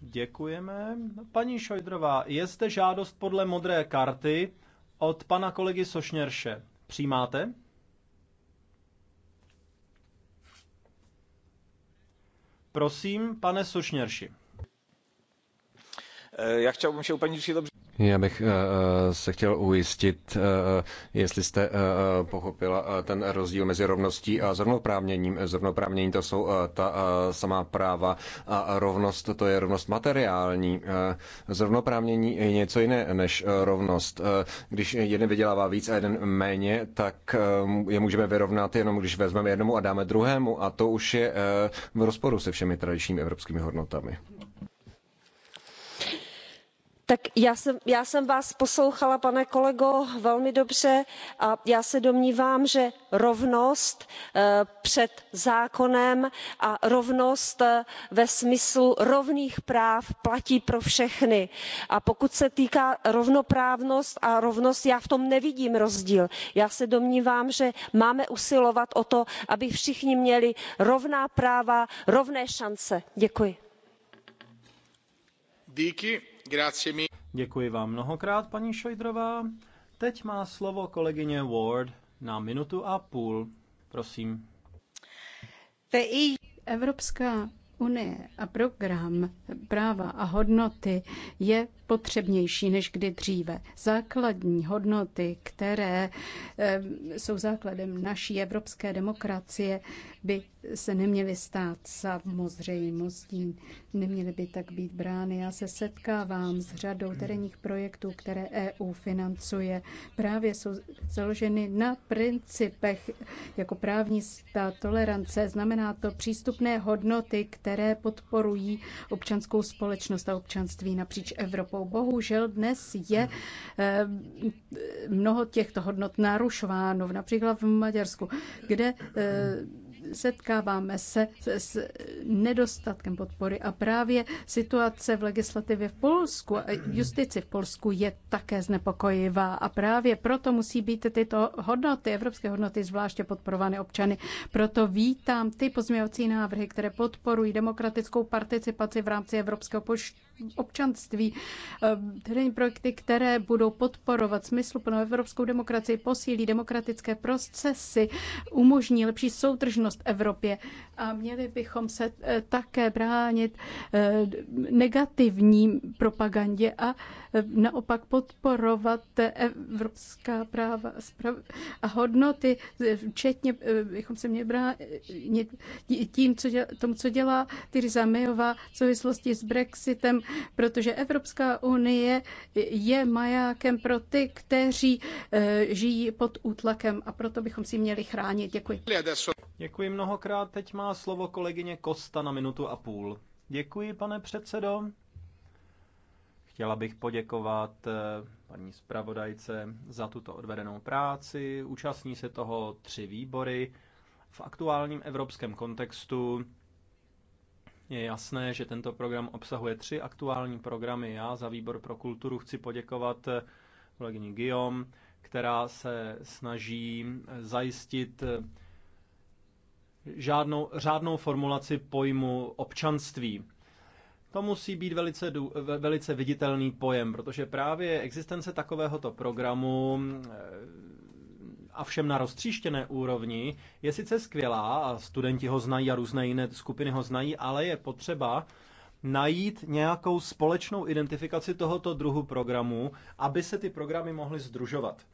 Děkujeme. No, paní Šojdrová, je zde žádost podle modré karty od pana kolegy Sošněrše. Přijímáte? Prosím, pane Sušněrši. Eh, já chtěl się upevnit, že dobře. Já bych eh, eh, se chtěl ujistit, jestli jste pochopila ten rozdíl mezi rovností a zrovnoprávněním. Zrovnoprávnění to jsou ta samá práva a rovnost to je rovnost materiální. Zrovnoprávnění je něco jiné než rovnost. Když jeden vydělává víc a jeden méně, tak je můžeme vyrovnat jenom, když vezmeme jednomu a dáme druhému a to už je v rozporu se všemi tradičními evropskými hodnotami já jsem vás poslouchala pane kolego velmi dobře a já se domnívám že rovnost eh, před zákonem a rovnost eh, ve smyslu rovných práv platí pro všechny a pokud se týká rovnoprávnosti a rovnosti já v tom nevidím rozdíl. já se domnívám že máme usilovat o to aby všichni měli rovná práva rovné šance. děkuji. Děkuji vám mnohokrát, paní Šojdrová. Teď má slovo kolegyně Ward na minutu a půl. Prosím. E Evropská Unie a program práva a hodnoty je potřebnější než kdy dříve. Základní hodnoty, které eh, jsou základem naší evropské demokracie, by se neměly stát samozřejmostí, neměly by tak být brány. Já se setkávám s řadou terénních projektů, které EU financuje. Právě jsou založeny na principech jako právní stát tolerance. Znamená to přístupné hodnoty, které které podporují občanskou společnost a občanství napříč Evropou. Bohužel dnes je eh, mnoho těchto hodnot narušováno, například v Maďarsku, kde eh, setkáváme se s nedostatkem podpory a právě situace v legislativě v Polsku a justici v Polsku je také znepokojivá a právě proto musí být tyto hodnoty, evropské hodnoty zvláště podporovány občany. Proto vítám ty pozměňovací návrhy, které podporují demokratickou participaci v rámci Evropského poštu občanství, ehm, tedy projekty, které budou podporovat smysluplnou evropskou demokracii, posílí demokratické procesy, umožní lepší soudržnost Evropě a měli bychom se eh, také bránit eh, negativní propagandě a eh, naopak podporovat evropská práva a hodnoty, včetně bychom se měli bránit tím, co dělá, tomu, co dělá Theresa Mayová v souvislosti s Brexitem, protože Evropská unie je majákem pro ty, kteří eh, žijí pod útlakem a proto bychom si měli chránit. Děkuji. Děkuji mnohokrát. Teď má slovo kolegyně Kosta na minutu a půl. Děkuji, pane předsedo. Chtěla bych poděkovat eh, paní zpravodajce za tuto odvedenou práci. Účastní se toho tři výbory. V aktuálním evropském kontextu je jasné, že tento program obsahuje tři aktuální programy. Já za výbor pro kulturu chci poděkovat eh, kolegyni Guillaume, která se snaží eh, zajistit eh, žádnou, řádnou formulaci pojmu občanství. To musí být velice, velice viditelný pojem, protože právě existence takovéhoto programu a všem na roztříštěné úrovni je sice skvělá, a studenti ho znají a různé jiné skupiny ho znají, ale je potřeba najít nějakou společnou identifikaci tohoto druhu programu, aby se ty programy mohly združovat.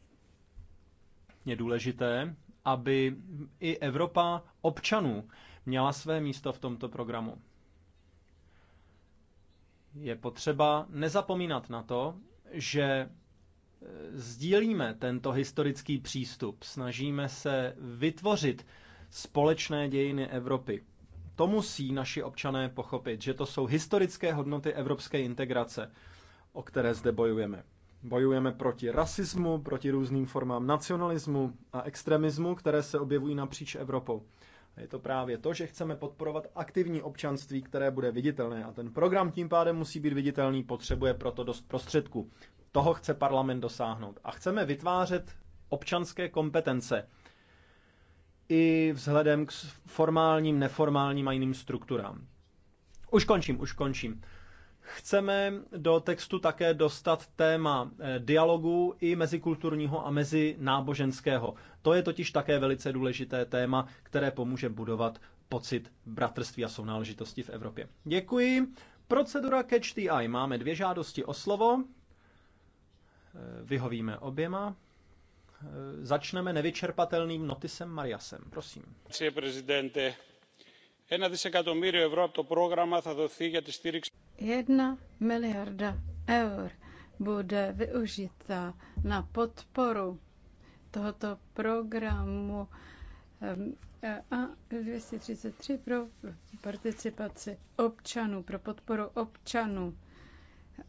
Je důležité, aby i Evropa občanů měla své místo v tomto programu. Je potřeba nezapomínat na to, že sdílíme tento historický přístup, snažíme se vytvořit společné dějiny Evropy. To musí naši občané pochopit, že to jsou historické hodnoty evropské integrace, o které zde bojujeme. Bojujeme proti rasismu, proti různým formám nacionalismu a extremismu, které se objevují napříč Evropou. Je to právě to, že chceme podporovat aktivní občanství, které bude viditelné a ten program tím pádem musí být viditelný, potřebuje proto dost prostředků. Toho chce parlament dosáhnout. A chceme vytvářet občanské kompetence i vzhledem k formálním, neformálním a jiným strukturám. Už končím, už končím. Chceme do textu také dostat téma eh, dialogu i mezikulturního a mezináboženského. To je totiž také velice důležité téma, které pomůže budovat pocit bratrství a sounáležitosti v Evropě. Děkuji. Procedura Catch the Eye. Máme dvě žádosti o slovo. Eh, vyhovíme oběma. Eh, začneme nevyčerpatelným notisem Mariasem. Prosím. Pane prezidente, Jedna miliarda eur bude využita na podporu tohoto programu ehm, a 233 pro participaci občanů, pro podporu občanů.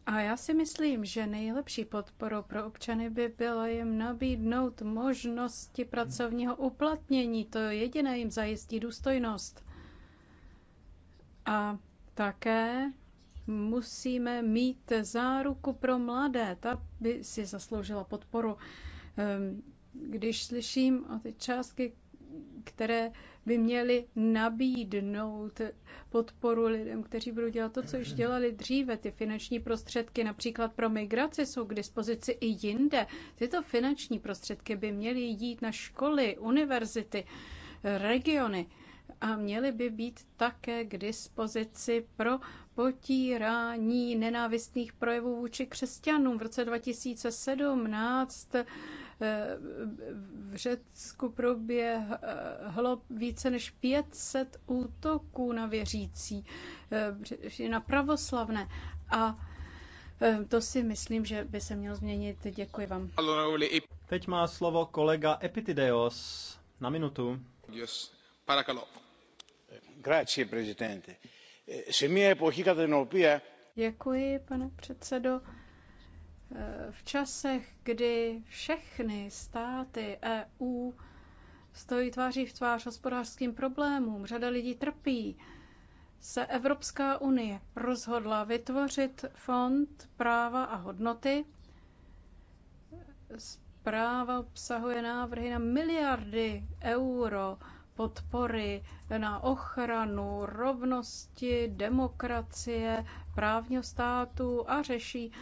A já si myslím, že nejlepší podporou pro občany by bylo jim nabídnout možnosti pracovního uplatnění. To jediné jim zajistí důstojnost. A také musíme mít záruku pro mladé. Ta by si zasloužila podporu. Ehm, když slyším o ty částky, které by měly nabídnout podporu lidem, kteří budou dělat to, co již dělali dříve. Ty finanční prostředky například pro migraci jsou k dispozici i jinde. Tyto finanční prostředky by měly jít na školy, univerzity, regiony a měly by být také k dispozici pro potírání nenávistných projevů vůči křesťanům. V roce 2017 eh, v Řecku proběhlo více než 500 útoků na věřící, eh, na pravoslavné. A eh, to si myslím, že by se mělo změnit. Děkuji vám. Teď má slovo kolega Epitideos na minutu. Yes. Děkuji, pane předsedající V časech, kdy všechny státy EU stojí tváří v tvář hospodářským problémům, řada lidí trpí, se Evropská unie rozhodla vytvořit fond práva a hodnoty. Zpráva obsahuje návrhy na miliardy euro podpory na ochranu rovnosti, demokracie, právního státu a řeší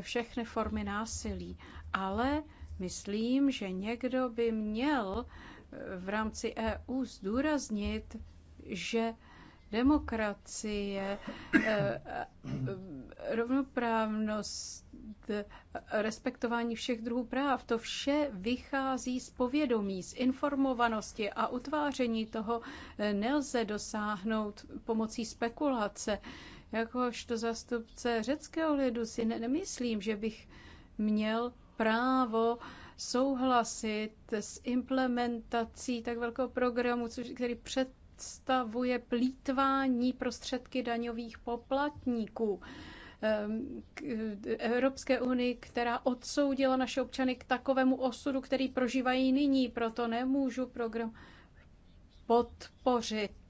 všechny formy násilí. Ale myslím, že někdo by měl v rámci EU zdůraznit, že demokracie, eh, eh, rovnoprávnost, respektování všech druhů práv. To vše vychází z povědomí, z informovanosti a utváření toho eh, nelze dosáhnout pomocí spekulace. Jakožto zastupce řeckého lidu si nemyslím, že bych měl právo souhlasit s implementací tak velkého programu, což, který před představuje plítvání prostředky daňových poplatníků. Ehm, eh, Evropské unii, která odsoudila naše občany k takovému osudu, který prožívají nyní. Proto nemůžu program podpořit.